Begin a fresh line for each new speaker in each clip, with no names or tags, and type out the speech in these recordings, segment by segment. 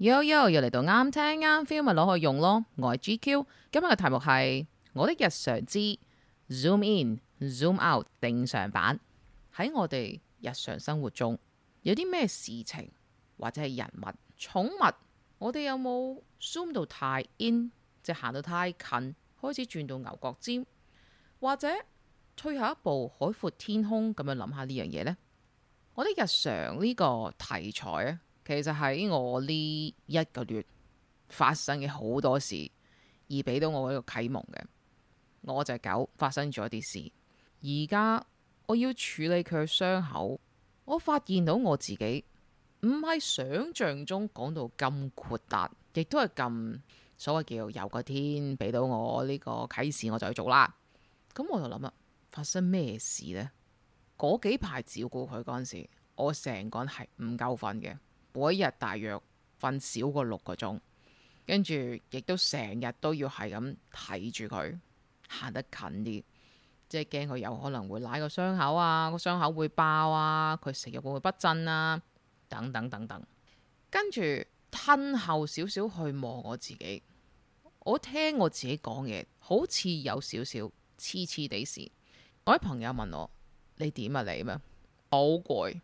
Yo Yo，又嚟到啱聽啱 feel 咪攞去用咯，我係 GQ，今日嘅題目係我的日常之 Zoom In Zoom Out 正常版。喺我哋日常生活中，有啲咩事情或者係人物、寵物，我哋有冇 zoom 到太 in，即係行到太近，開始轉到牛角尖，或者退下一步，海闊天空咁樣諗下呢樣嘢呢？我的日常呢個題材啊～其實喺我呢一個月發生嘅好多事，而俾到我一個啟蒙嘅，我隻狗發生咗啲事。而家我要處理佢嘅傷口，我發現到我自己唔係想象中講到咁豁達，亦都係咁所謂叫有個天俾到我呢個啟示，我就去做啦。咁我就諗啊，發生咩事呢？嗰幾排照顧佢嗰陣時，我成個人係唔夠瞓嘅。每一日大約瞓少過六個鐘，跟住亦都成日都要係咁睇住佢行得近啲，即係驚佢有可能會舐個傷口啊，個傷口會爆啊，佢食藥會不振啊，等等等等。跟住吞後少少去望我自己，我聽我自己講嘢，好似有少少黐黐地綫。我啲朋友問我：你點啊？你咩？好攰。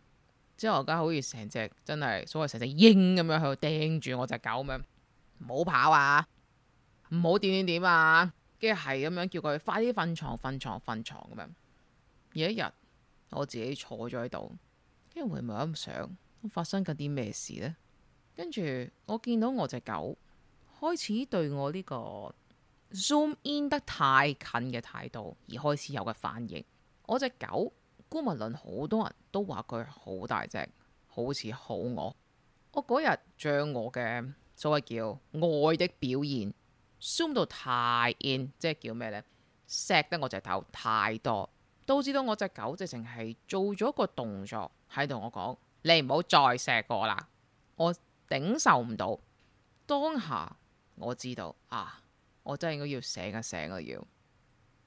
之後而家好似成隻真係所謂成隻鷹咁樣喺度盯住我隻狗咁樣，唔好跑啊，唔好點點點啊，跟住係咁樣叫佢快啲瞓床瞓床瞓床咁樣。有一日我自己坐咗喺度，跟住會唔會諗想發生緊啲咩事呢？跟住我見到我隻狗開始對我呢個 zoom in 得太近嘅態度而開始有個反應，我隻狗。孤物論，好多人都話佢好大隻，好似好惡。我嗰日將我嘅所謂叫愛的表現 zoom 到太 in，即係叫咩呢？錫得我隻頭太多，導致到我隻狗直情係做咗個動作喺度，我講，你唔好再錫我啦，我頂受唔到。當下我知道啊，我真係應該要醒一醒啊要。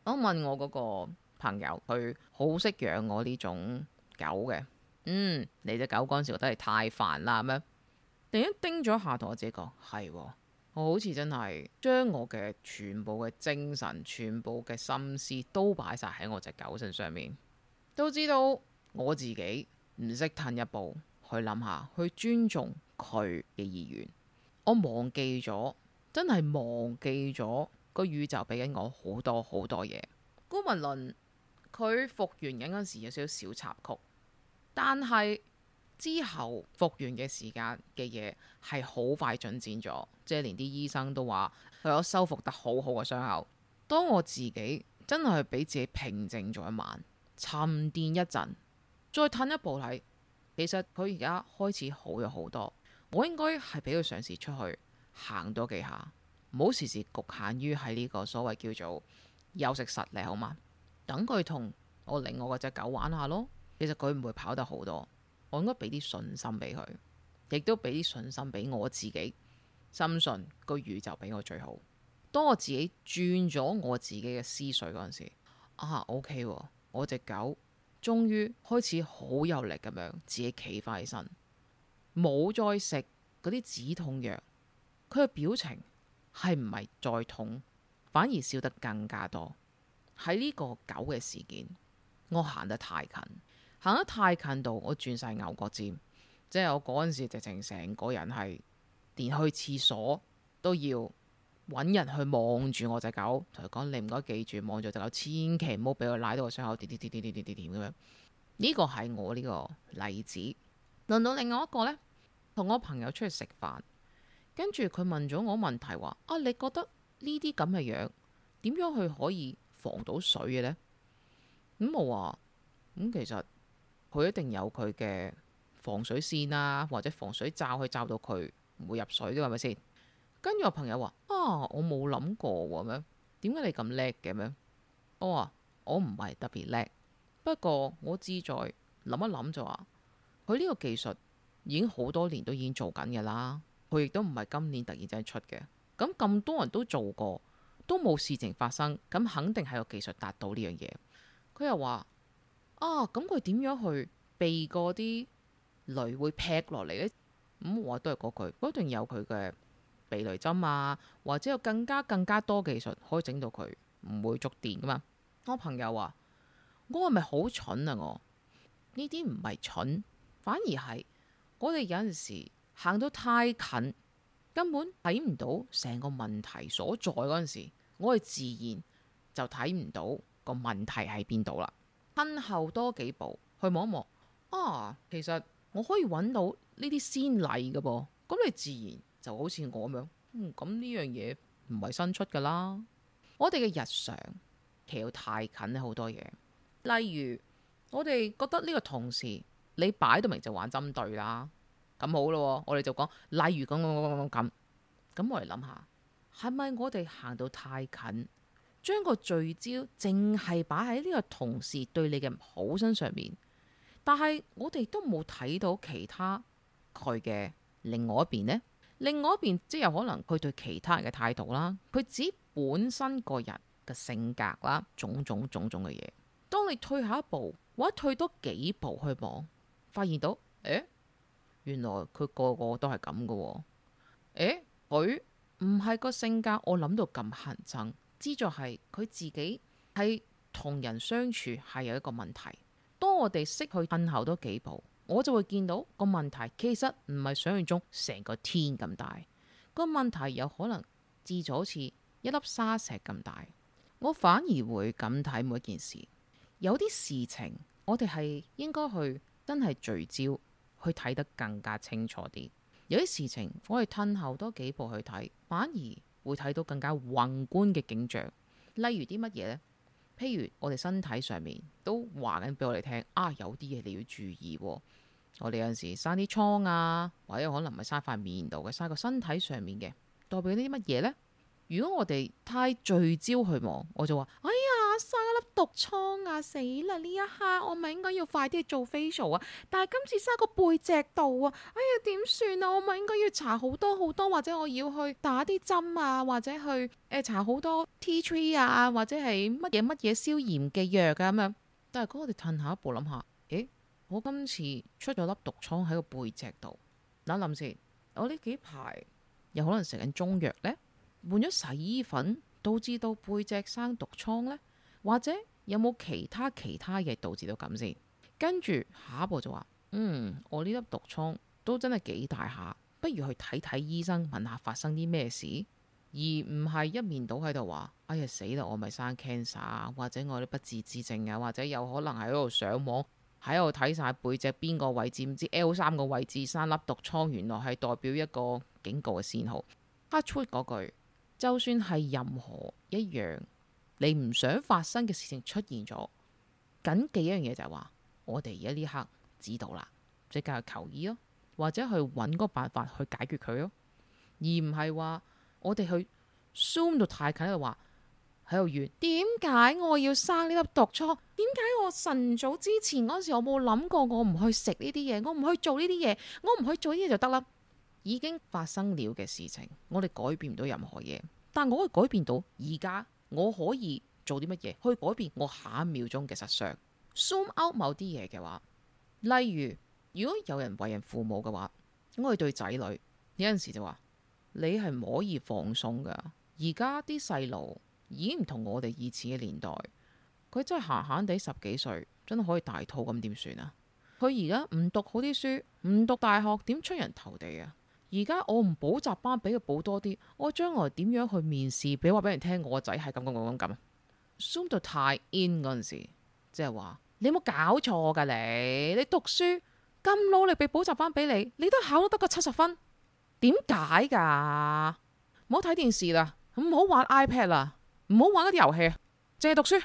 我問我嗰個。朋友去好識養我呢種狗嘅，嗯，你隻狗嗰陣時覺得係太煩啦咁樣。突然叮咗下同我自己講，係我好似真係將我嘅全部嘅精神、全部嘅心思都擺晒喺我隻狗身上面，都知道我自己唔識褪一步去諗下去尊重佢嘅意願，我忘記咗，真係忘記咗個宇宙俾緊我好多好多嘢，高文麟。佢復原緊嗰時有少少小插曲，但係之後復原嘅時間嘅嘢係好快進展咗，即係連啲醫生都話佢有修復得好好嘅傷口。當我自己真係俾自己平靜咗一晚，沉澱一陣，再褪一步睇，其實佢而家開始好咗好多。我應該係俾佢嘗試出去行多幾下，唔好時時局限於喺呢個所謂叫做休息實力，好嗎？等佢同我領我嗰隻狗玩下咯，其實佢唔會跑得好多。我應該俾啲信心俾佢，亦都俾啲信心俾我自己，深信個宇宙俾我最好。當我自己轉咗我自己嘅思緒嗰陣時，啊，OK，啊我隻狗終於開始好有力咁樣自己企翻起身，冇再食嗰啲止痛藥，佢嘅表情係唔係再痛，反而笑得更加多。喺呢個狗嘅事件，我行得太近，行得太近度，我轉晒牛角尖，即係我嗰陣時，直情成個人係連去廁所都要揾人去望住我隻狗，同佢講：你唔該記住，望住隻狗，千祈唔好俾佢拉到個傷口，點點點點點點點點咁樣。呢個係我呢個例子。輪到另外一個呢，同我朋友出去食飯，跟住佢問咗我問題話：啊，你覺得呢啲咁嘅樣點樣去可以？防到水嘅咧，咁冇啊？咁、嗯、其實佢一定有佢嘅防水線啊，或者防水罩去罩到佢唔會入水啫，係咪先？跟住我朋友話：啊，我冇諗過喎，啊，咁樣點解你咁叻嘅？咩？我話我唔係特別叻，不過我志在諗一諗就話，佢呢個技術已經好多年都已經做緊嘅啦，佢亦都唔係今年突然間出嘅。咁咁多人都做過。都冇事情發生，咁肯定係個技術達到呢樣嘢。佢又話：啊，咁佢點樣去避過啲雷會劈落嚟呢？嗯，咁我都係嗰句：「佢，一定有佢嘅避雷針啊，或者有更加更加多技術可以整到佢唔會觸電噶嘛。我朋友話：我係咪好蠢啊？我呢啲唔係蠢，反而係我哋有陣時行到太近，根本睇唔到成個問題所在嗰陣時。我係自然就睇唔到個問題喺邊度啦。身後多幾步去望一望啊，其實我可以揾到呢啲先例噶噃。咁、嗯、你自然就好似我咁樣，嗯咁呢樣嘢唔係新出噶啦。我哋嘅日常騎得太近好多嘢。例如我哋覺得呢個同事你擺到明就玩針對啦，咁好咯。我哋就講，例如咁咁咁咁咁咁咁。咁我哋諗下。係咪我哋行到太近，將個聚焦淨係擺喺呢個同事對你嘅唔好身上面？但係我哋都冇睇到其他佢嘅另外一邊呢？另外一邊即有可能佢對其他人嘅態度啦，佢指本身個人嘅性格啦，種種種種嘅嘢。當你退下一步，或者退多幾步去望，發現到誒，原來佢個個都係咁嘅。誒，佢。唔係個性格，我諗到咁恨憎，資助係佢自己喺同人相處係有一個問題。當我哋識去褪後多幾步，我就會見到個問題其實唔係想像中成個天咁大。個問題有可能資助好似一粒沙石咁大，我反而會咁睇每一件事。有啲事情我哋係應該去真係聚焦去睇得更加清楚啲。有啲事情我可以褪後多幾步去睇，反而會睇到更加宏觀嘅景象。例如啲乜嘢咧？譬如我哋身體上面都話緊俾我哋聽，啊有啲嘢你要注意哦。我哋有陣時生啲瘡啊，或者可能唔係生塊面度嘅，生個身體上面嘅，代表啲乜嘢咧？如果我哋太聚焦去望，我就話，哎。毒瘡啊！死啦！呢一刻我咪應該要快啲去做 facial 啊，但係今次生個背脊度啊，哎呀點算啊？我咪應該要搽好多好多，或者我要去打啲針啊，或者去誒搽好多 tea tree 啊，或者係乜嘢乜嘢消炎嘅藥啊咁樣。但係如果我哋褪下一步諗下，咦，我今次出咗粒毒瘡喺個背脊度，諗諗先，我呢幾排有可能食緊中藥呢，換咗洗衣粉導致到背脊生毒瘡呢。或者有冇其他其他嘢導致到咁先？跟住下一步就話：嗯，我呢粒毒瘡都真係幾大下，不如去睇睇醫生，問下發生啲咩事，而唔係一面倒喺度話：哎呀死啦，我咪生 cancer，或者我啲不治之症啊，或者有可能喺度上網喺度睇晒背脊邊個位置，唔知 L 三個位置生粒毒瘡，原來係代表一個警告嘅信號。他推嗰句，就算係任何一樣。你唔想發生嘅事情出現咗，緊記一樣嘢就係話，我哋而家呢刻知道啦，即刻去求醫咯，或者去揾個辦法去解決佢咯，而唔係話我哋去 zoom 到太近喺度話喺度怨，點解我要生呢粒毒瘡？點解我晨早之前嗰時我冇諗過我唔去食呢啲嘢，我唔去做呢啲嘢，我唔去做呢啲嘢就得啦？已經發生了嘅事情，我哋改變唔到任何嘢，但我可以改變到而家。我可以做啲乜嘢去改變我下一秒鐘嘅實相？ Zoom out 某啲嘢嘅話，例如如果有人為人父母嘅話，我哋對仔女有陣時就話，你係唔可以放鬆噶。而家啲細路已經唔同我哋以前嘅年代，佢真係閒閒地十幾歲，真係可以大肚咁點算啊？佢而家唔讀好啲書，唔讀大學，點出人頭地啊？而家我唔補習班，俾佢補多啲，我將來點樣去面試？俾話俾人聽，我個仔係咁咁咁咁。Zoom 到太 in 嗰陣時，即係話你有冇搞錯噶？你你，你讀書咁努力，俾補習班俾你，你都考得得個七十分，點解噶？唔好睇電視啦，唔好玩 iPad 啦，唔好玩嗰啲遊戲，淨係讀書。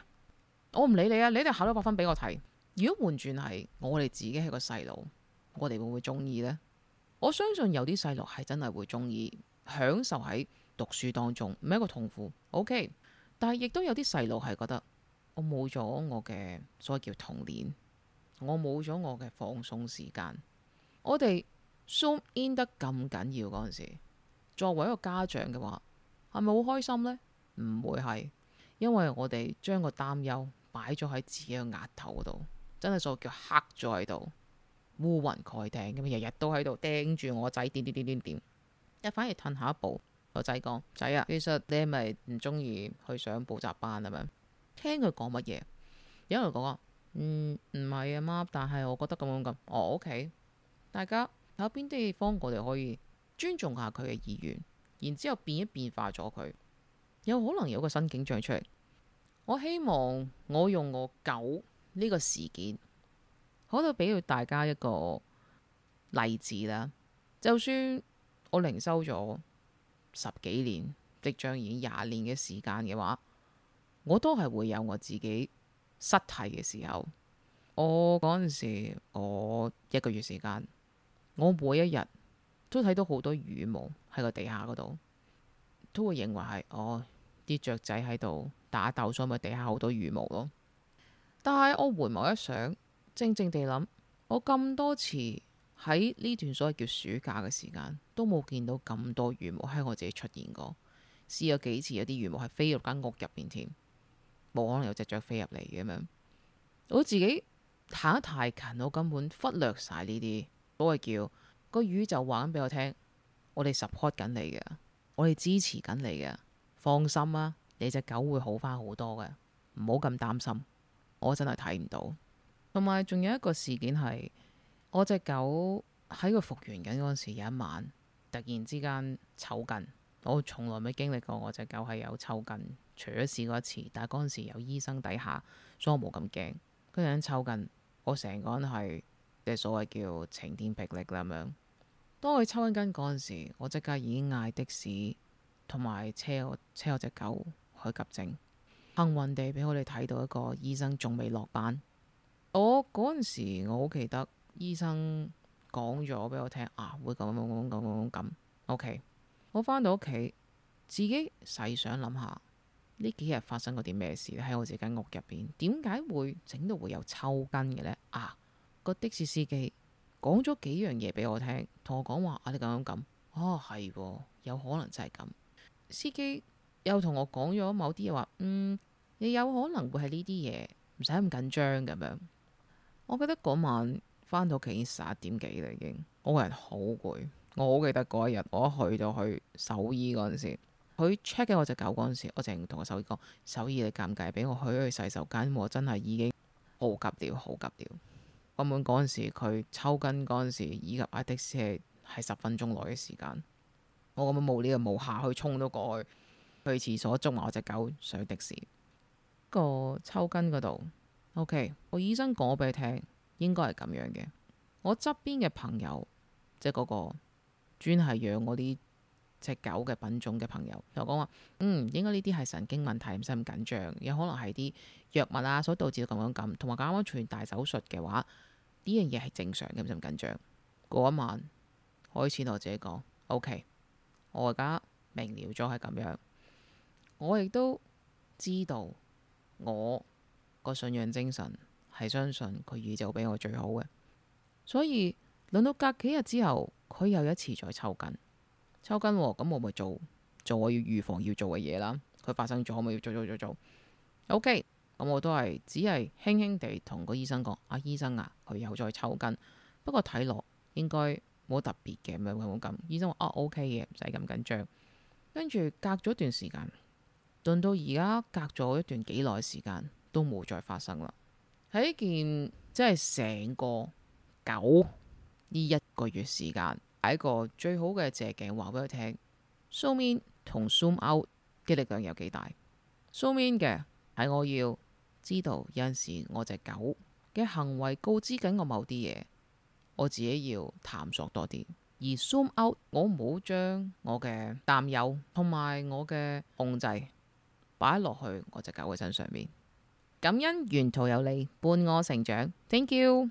我唔理你啊，你一定考到一百分俾我睇。如果換轉係我哋自己係個細路，我哋會唔會中意呢？我相信有啲細路係真係會中意享受喺讀書當中，唔係一個痛苦。OK。但係亦都有啲細路係覺得我冇咗我嘅所謂叫童年，我冇咗我嘅放鬆時間。我哋 zoom in 得咁緊要嗰陣時，作為一個家長嘅話，係咪好開心呢？唔會係，因為我哋將個擔憂擺咗喺自己嘅額頭度，真係所謂叫黑咗喺度。烏雲蓋頂咁，日日都喺度盯住我仔點點點點點，一反而褪下一步。我仔講仔啊，其實你係咪唔中意去上補習班啊？咩？聽佢講乜嘢？有人講、嗯、啊，唔唔係啊媽，但係我覺得咁樣咁，我、哦、OK。大家有邊啲地方我哋可以尊重下佢嘅意願，然之後變一變化咗佢，有可能有個新景象出嚟。我希望我用我狗呢個事件。我都俾大家一個例子啦。就算我靈修咗十幾年，即將已經廿年嘅時間嘅話，我都係會有我自己失態嘅時候。我嗰陣時，我一個月時間，我每一日都睇到好多羽毛喺個地下嗰度，都會認為係我啲雀仔喺度打鬥咗，咪地下好多羽毛咯。但係我回眸一想。正正地諗，我咁多次喺呢段所謂叫暑假嘅時間，都冇見到咁多羽毛喺我自己出現過。試咗幾次有魚，有啲羽毛係飛入間屋入邊添，冇可能有隻雀飛入嚟嘅。咁樣我自己睇得太近，我根本忽略晒呢啲所謂叫、那個宇宙就話緊俾我聽，我哋 support 緊你嘅，我哋支持緊你嘅，放心啦，你隻狗會好翻好多嘅，唔好咁擔心。我真係睇唔到。同埋仲有一個事件係，我隻狗喺個復原緊嗰陣時，有一晚突然之間抽筋，我從來未經歷過我隻狗係有抽筋，除咗試過一次，但係嗰陣時有醫生底下，所以我冇咁驚。跟住啲抽筋，我成個人係即係所謂叫晴天霹靂咁樣。當佢抽緊筋嗰陣時，我即刻已經嗌的士，同埋車，車我車我隻狗去急症。幸運地俾我哋睇到一個醫生仲未落班。我嗰陣時，我好記得醫生講咗俾我聽，啊，會咁咁咁咁咁咁，OK。Okay. 我翻到屋企，自己細想諗下，呢幾日發生過啲咩事咧？喺我自己間屋入邊，點解會整到會有抽筋嘅咧？啊，個的士司機講咗幾樣嘢俾我聽，同我講話啊，你咁樣咁，哦，係，有可能就係咁。司機又同我講咗某啲嘢，話嗯，你有可能會係呢啲嘢，唔使咁緊張咁樣。我記得嗰晚翻到屋企已經十一點幾啦，已經我個人好攰。我好記得嗰一日，我一去到去獸醫嗰陣時，佢 check 嘅我隻狗嗰陣時，我淨係同個獸醫講：獸醫你尷尬，俾我去咗去洗手間。我真係已經好急尿，好急尿！咁樣嗰陣時佢抽筋嗰陣時，以及喺的士係十分鐘內嘅時間，我咁樣冇呢個冇下去衝去，去衝咗過去去廁所，捉埋我隻狗上的士。那個抽筋嗰度。O.K. 我醫生講俾你聽，應該係咁樣嘅。我側邊嘅朋友，即係嗰個專係養嗰啲隻狗嘅品種嘅朋友，就講話：，嗯，應該呢啲係神經問題，唔使咁緊張，有可能係啲藥物啊所導致到咁樣咁。同埋，佢啱啱做完大手術嘅話，呢樣嘢係正常嘅，唔使咁緊張。一晚開始同我自己講，O.K. 我而家明瞭咗係咁樣，我亦都知道我。個信仰精神係相信佢宇宙俾我最好嘅，所以輪到隔幾日之後，佢又一次再抽筋抽筋，咁、哦、我咪做做我要預防要做嘅嘢啦。佢發生咗，我咪要做做做做。OK，咁我都係只係輕輕地同個醫生講：，啊，醫生啊，佢又再抽筋，不過睇落應該冇特別嘅咁樣咁咁。醫生話：，啊，OK 嘅，唔使咁緊張。跟住隔咗段時間，輪到而家隔咗一段幾耐時間。都冇再發生啦。喺呢件即係成個狗呢一個月時間，係一個最好嘅借鏡，話俾佢聽。Zoom in 同 Zoom out 嘅力量有幾大？Zoom in 嘅係我要知道有陣時我隻狗嘅行為告知緊我某啲嘢，我自己要探索多啲。而 Zoom out，我唔好將我嘅擔憂同埋我嘅控制擺落去我隻狗嘅身上面。感恩沿途有你伴我成長。Thank you。